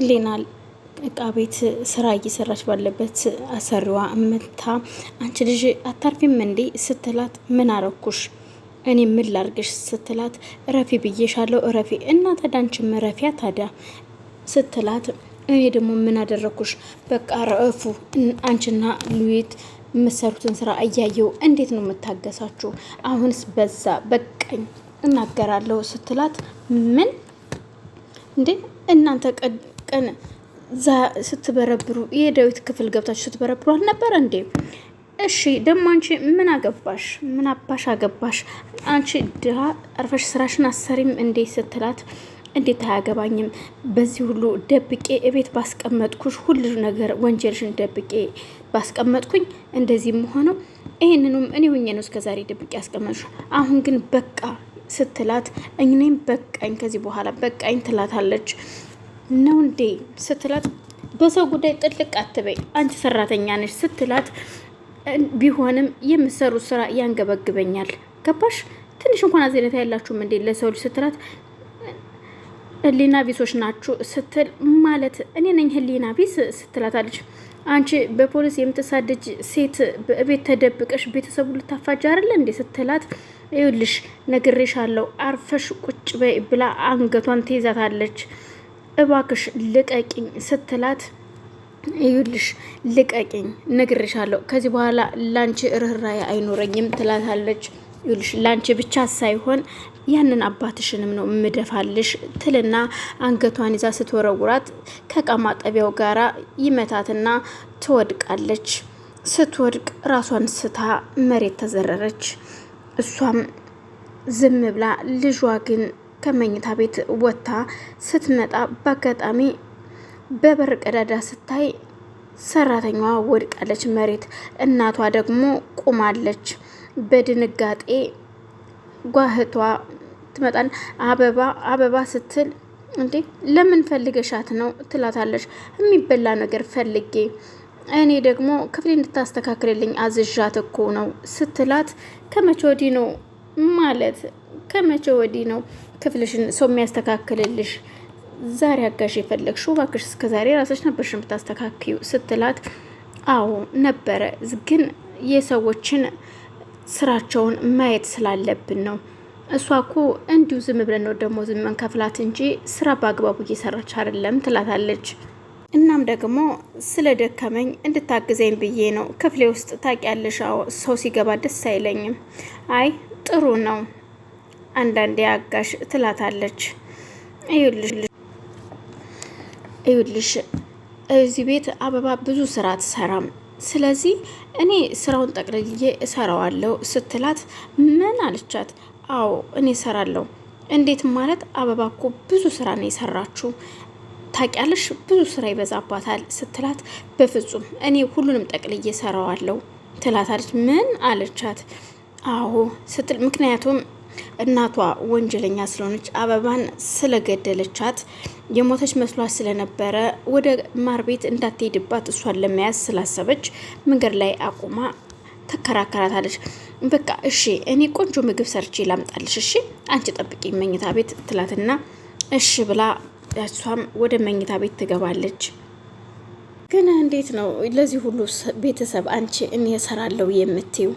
ህሊና እቃ ቤት ስራ እየሰራች ባለበት አሰሪዋ መታ አንቺ ልጅ አታርፊም እንዴ ስትላት ምን አረኩሽ እኔ ምን ላርግሽ ስትላት እረፊ ብዬሻለሁ እረፊ እና ታዲያ አንቺም እረፊያ ታዲያ ስትላት እኔ ደግሞ ምን አደረኩሽ በቃ ረእፉ አንቺና ሉዊት የምትሰሩትን ስራ እያየው እንዴት ነው የምታገሳችሁ አሁንስ በዛ በቃኝ እናገራለሁ ስትላት ምን እንዴ እናንተ ቀን ስትበረብሩ የዳዊት ክፍል ገብታችሁ ስትበረብሩ አልነበረ እንዴ? እሺ ደግሞ አንቺ ምን አገባሽ? ምን አባሽ አገባሽ? አንቺ ድሃ አርፈሽ ስራሽን አሰሪም እንዴ ስትላት እንዴት አያገባኝም። በዚህ ሁሉ ደብቄ እቤት ባስቀመጥኩሽ ሁሉ ነገር ወንጀልሽን ደብቄ ባስቀመጥኩኝ እንደዚህ ሆነው ይህንኑም እኔ ሁኜ ነው እስከዛሬ ደብቄ ያስቀመጥሽ። አሁን ግን በቃ ስትላት እኔም በቃኝ፣ ከዚህ በኋላ በቃኝ ትላታለች። ነው እንዴ ስትላት፣ በሰው ጉዳይ ጥልቅ አትበይ አንቺ ሰራተኛ ነሽ ስትላት፣ ቢሆንም የምትሰሩት ስራ ያንገበግበኛል፣ ገባሽ? ትንሽ እንኳን አዜነታ ያላችሁም እንዴ ለሰው ልጅ ስትላት፣ ህሊና ቢሶች ናችሁ ስትል፣ ማለት እኔ ነኝ ህሊና ቢስ ስትላታለች። አንቺ በፖሊስ የምትሳደጅ ሴት በቤት ተደብቀሽ ቤተሰቡ ልታፋጅ አይደለ እንዴ ስትላት፣ ይኸውልሽ ነግሬሻለሁ አርፈሽ ቁጭ በይ ብላ አንገቷን ትይዛታለች። እባክሽ ልቀቂኝ ስትላት እዩልሽ ልቀቂኝ፣ ነግሬሻለሁ። ከዚህ በኋላ ላንቺ ርኅራኄ አይኖረኝም ትላታለች። ይኸውልሽ ላንቺ ብቻ ሳይሆን ያንን አባትሽንም ነው ምደፋልሽ ትልና አንገቷን ይዛ ስትወረውራት ከእቃ ጠቢያው ጋር ይመታትና ትወድቃለች። ስትወድቅ ራሷን ስታ መሬት ተዘረረች። እሷም ዝም ብላ ልጇ ግን ከመኝታ ቤት ወጥታ ስትመጣ በአጋጣሚ በበር ቀዳዳ ስታይ ሰራተኛዋ ወድቃለች መሬት፣ እናቷ ደግሞ ቁማለች። በድንጋጤ ጓህቷ ትመጣል። አበባ አበባ ስትል እንዴ ለምን ፈልገሻት ነው ትላታለች። የሚበላ ነገር ፈልጌ እኔ ደግሞ ክፍሌ እንድታስተካክልልኝ አዝዣት እኮ ነው ስትላት ከመቼ ወዲህ ነው ማለት ከመቼ ወዲህ ነው ክፍልሽን ሰው የሚያስተካክልልሽ? ዛሬ አጋሽ የፈለግሽው እባክሽ፣ እስከ ዛሬ ራስሽ ነበርሽ የምታስተካክዩ ስትላት፣ አዎ ነበረ፣ ግን የሰዎችን ስራቸውን ማየት ስላለብን ነው። እሷ እኮ እንዲሁ ዝም ብለን ነው ደግሞ ዝም ከፍላት እንጂ ስራ በአግባቡ እየሰራች አይደለም ትላታለች። እናም ደግሞ ስለ ደከመኝ እንድታግዘኝ ብዬ ነው ክፍሌ ውስጥ ታውቂያለሽ፣ ሰው ሲገባ ደስ አይለኝም። አይ ጥሩ ነው አንዳንዴ አጋሽ ትላታለች። እዩልሽ እዚህ ቤት አበባ ብዙ ስራ አትሰራም፣ ስለዚህ እኔ ስራውን ጠቅልዬ እሰራዋለሁ ስትላት ምን አለቻት? አዎ እኔ እሰራለሁ። እንዴት ማለት? አበባ እኮ ብዙ ስራ ነው የሰራችሁ ታውቂያለሽ፣ ብዙ ስራ ይበዛባታል ስትላት በፍጹም እኔ ሁሉንም ጠቅልዬ እሰራዋለሁ ትላታለች። ምን አለቻት? አዎ ስትል ምክንያቱም እናቷ ወንጀለኛ ስለሆነች አበባን ስለገደለቻት የሞተች መስሏት ስለነበረ ወደ ማር ቤት እንዳትሄድባት እሷን ለመያዝ ስላሰበች መንገድ ላይ አቁማ ተከራከራታለች። በቃ እሺ እኔ ቆንጆ ምግብ ሰርቼ ላምጣልሽ፣ እሺ አንቺ ጠብቂ መኝታ ቤት ትላትና እሺ ብላ እሷም ወደ መኝታ ቤት ትገባለች። ግን እንዴት ነው ለዚህ ሁሉ ቤተሰብ አንቺ እኔ እሰራለሁ የምትዩ?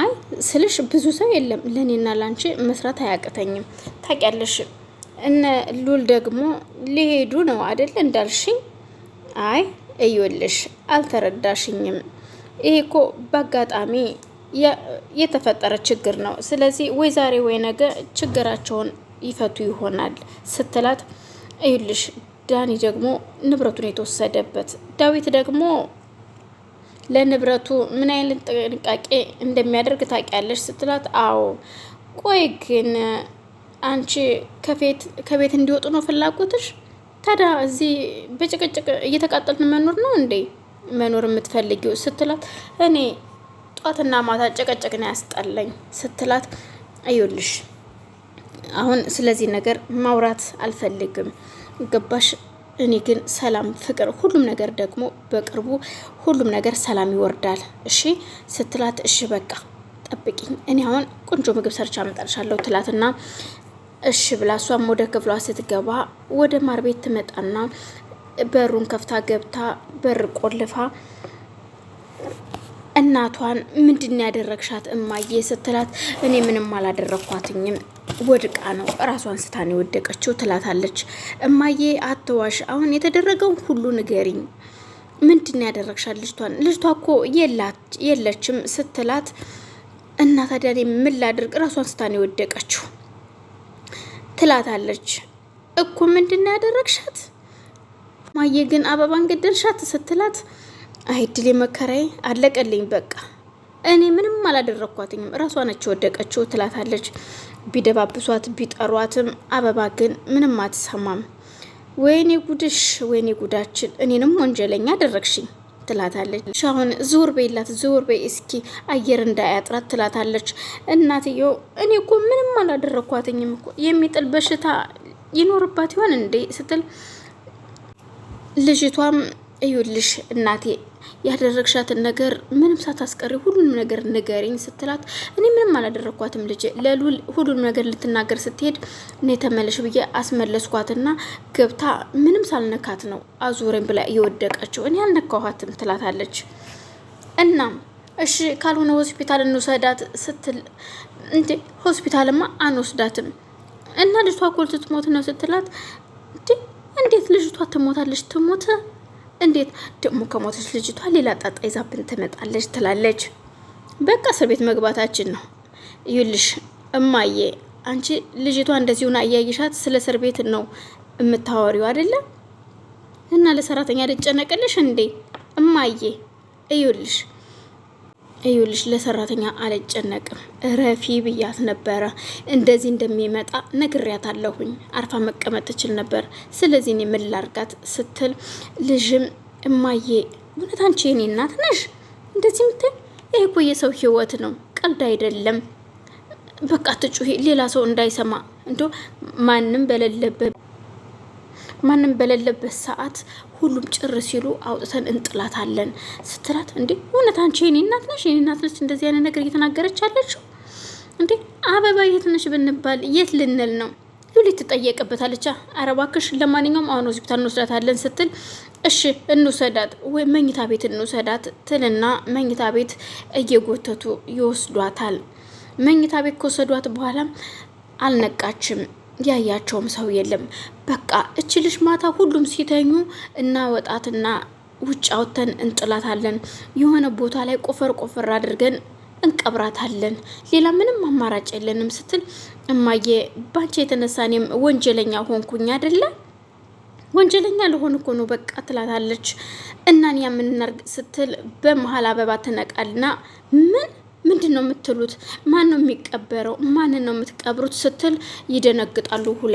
አይ ስልሽ ብዙ ሰው የለም ለእኔና ላንቺ መስራት አያቅተኝም። ታውቂያለሽ እነ ሉል ደግሞ ሊሄዱ ነው አይደል እንዳልሽኝ። አይ እዩልሽ አልተረዳሽኝም። ይሄ እኮ በአጋጣሚ የተፈጠረ ችግር ነው። ስለዚህ ወይ ዛሬ ወይ ነገ ችግራቸውን ይፈቱ ይሆናል ስትላት፣ እዩልሽ ዳኒ ደግሞ ንብረቱን የተወሰደበት ዳዊት ደግሞ ለንብረቱ ምን አይነት ጥንቃቄ እንደሚያደርግ ታውቂያለሽ ስትላት፣ አዎ። ቆይ ግን አንቺ ከቤት እንዲወጡ ነው ፍላጎትሽ? ታዲያ እዚህ በጭቅጭቅ እየተቃጠልን መኖር ነው እንዴ መኖር የምትፈልጊው? ስትላት እኔ ጧትና ማታ ጭቅጭቅ ነው ያስጠላኝ ስትላት፣ እዩልሽ አሁን ስለዚህ ነገር ማውራት አልፈልግም ገባሽ እኔ ግን ሰላም፣ ፍቅር፣ ሁሉም ነገር ደግሞ በቅርቡ ሁሉም ነገር ሰላም ይወርዳል እሺ ስትላት እሺ በቃ ጠብቂኝ፣ እኔ አሁን ቆንጆ ምግብ ሰርቻ አመጣልሻለሁ ትላትና እሺ ብላ እሷም ወደ ክፍሏ ስትገባ ወደ ማር ቤት ትመጣና በሩን ከፍታ ገብታ በር ቆልፋ እናቷን ምንድን ያደረግሻት እማዬ ስትላት እኔ ምንም አላደረግኳትኝም ወድቃ ነው ራሷን ስታን የወደቀችው ትላታለች። እማዬ አትዋሽ፣ አሁን የተደረገውን ሁሉ ንገሪኝ። ምንድን ያደረግሻት ልጅቷን? ልጅቷ እኮ የለችም ስትላት እና ታዲያ እኔ ምን ላድርግ? ራሷን ስታን የወደቀችው ትላታለች። እኮ ምንድን ያደረግሻት? እማዬ ግን አበባን ገደልሻት ስትላት አይድል የመከራዬ አለቀልኝ። በቃ እኔ ምንም አላደረግኳትኝም እራሷ ነች የወደቀችው ትላታለች። ቢደባብሷት ቢጠሯትም አበባ ግን ምንም አትሰማም። ወይኔ ጉድሽ፣ ወይኔ ጉዳችን፣ እኔንም ወንጀለኛ አደረግሽኝ ትላታለች። አሁን ዞር በይላት፣ ዞር በይ እስኪ አየር እንዳያጥራት ትላታለች። እናትየው እኔ እኮ ምንም አላደረግኳትኝም እኮ የሚጥል በሽታ ይኖርባት ይሆን እንዴ ስትል ልጅቷም እዩልሽ እናቴ ያደረግሻትን ነገር ምንም ሳታስቀሪ ሁሉንም ነገር ንገሪኝ ስትላት እኔ ምንም አላደረግኳትም ልጄ ለሉል ሁሉንም ነገር ልትናገር ስትሄድ እኔ ተመለሽ ብዬ አስመለስኳትና ገብታ ምንም ሳልነካት ነው አዙረኝ ብላ እየወደቀችው እኔ አልነካኋትም ትላታለች። እናም እሺ ካልሆነ ሆስፒታል እንውሰዳት ስትል እንዴ ሆስፒታልማ አንወስዳትም እና ልጅቷ ኮልት ትሞት ነው ስትላት እንዴት ልጅቷ ትሞታለች? ትሞት እንዴት ደግሞ ከሞተች ልጅቷ ሌላ ጣጣ ይዛብን ትመጣለች ትላለች። በቃ እስር ቤት መግባታችን ነው። ይልሽ እማዬ፣ አንቺ ልጅቷ እንደዚሁን አያይሻት ስለ እስር ቤት ነው የምታወሪው አይደለ? እና ለሰራተኛ ልጨነቅልሽ እንዴ እማዬ? እዩልሽ እዩልሽ ለሰራተኛ አልጨነቅም። ረፊ ብያት ነበረ እንደዚህ እንደሚመጣ ነግሪያት አለሁኝ። አርፋ መቀመጥ ትችል ነበር። ስለዚህ እኔ ምን ላርጋት ስትል ልጅም እማዬ እውነት አንቺ የኔ እናት ነሽ እንደዚህ ምትል? ይህ እኮ የሰው ህይወት ነው፣ ቀልድ አይደለም። በቃ ትጩሂ ሌላ ሰው እንዳይሰማ እንዲ ማንም በሌለበት ማንም በሌለበት ሰዓት ሁሉም ጭር ሲሉ አውጥተን እንጥላታለን ስትላት፣ እንዴ እውነት አንቺ የኔ እናት ነሽ? የኔ እናት ነች እንደዚህ አይነት ነገር እየተናገረች አለችው። እንዴ አበባ የት ነሽ ብንባል የት ልንል ነው? ሉሊት ትጠየቅበታለች። አረ እባክሽ፣ ለማንኛውም አሁን ሆስፒታል እንወስዳታለን ስትል እሺ እንውሰዳት ወይ መኝታ ቤት እንውሰዳት ትልና መኝታ ቤት እየጎተቱ ይወስዷታል። መኝታ ቤት ከወሰዷት በኋላ አልነቃችም። ያያቸውም ሰው የለም። በቃ ልጅ ማታ ሁሉም ሲተኙ እና ወጣትና ውጭ አውጥተን እንጥላታለን። የሆነ ቦታ ላይ ቆፈር ቆፈር አድርገን እንቀብራታለን። ሌላ ምንም አማራጭ የለንም ስትል እማዬ፣ ባንቺ የተነሳ እኔም ወንጀለኛ ሆንኩኝ አይደለ? ወንጀለኛ ለሆን እኮ ነው በቃ ትላታለች። እናን ያምንናርግ ስትል በመሀል አበባ ትነቃልና ምን ምንድን ነው የምትሉት? ማን ነው የሚቀበረው? ማንን ነው የምትቀብሩት? ስትል ይደነግጣሉ ሁለ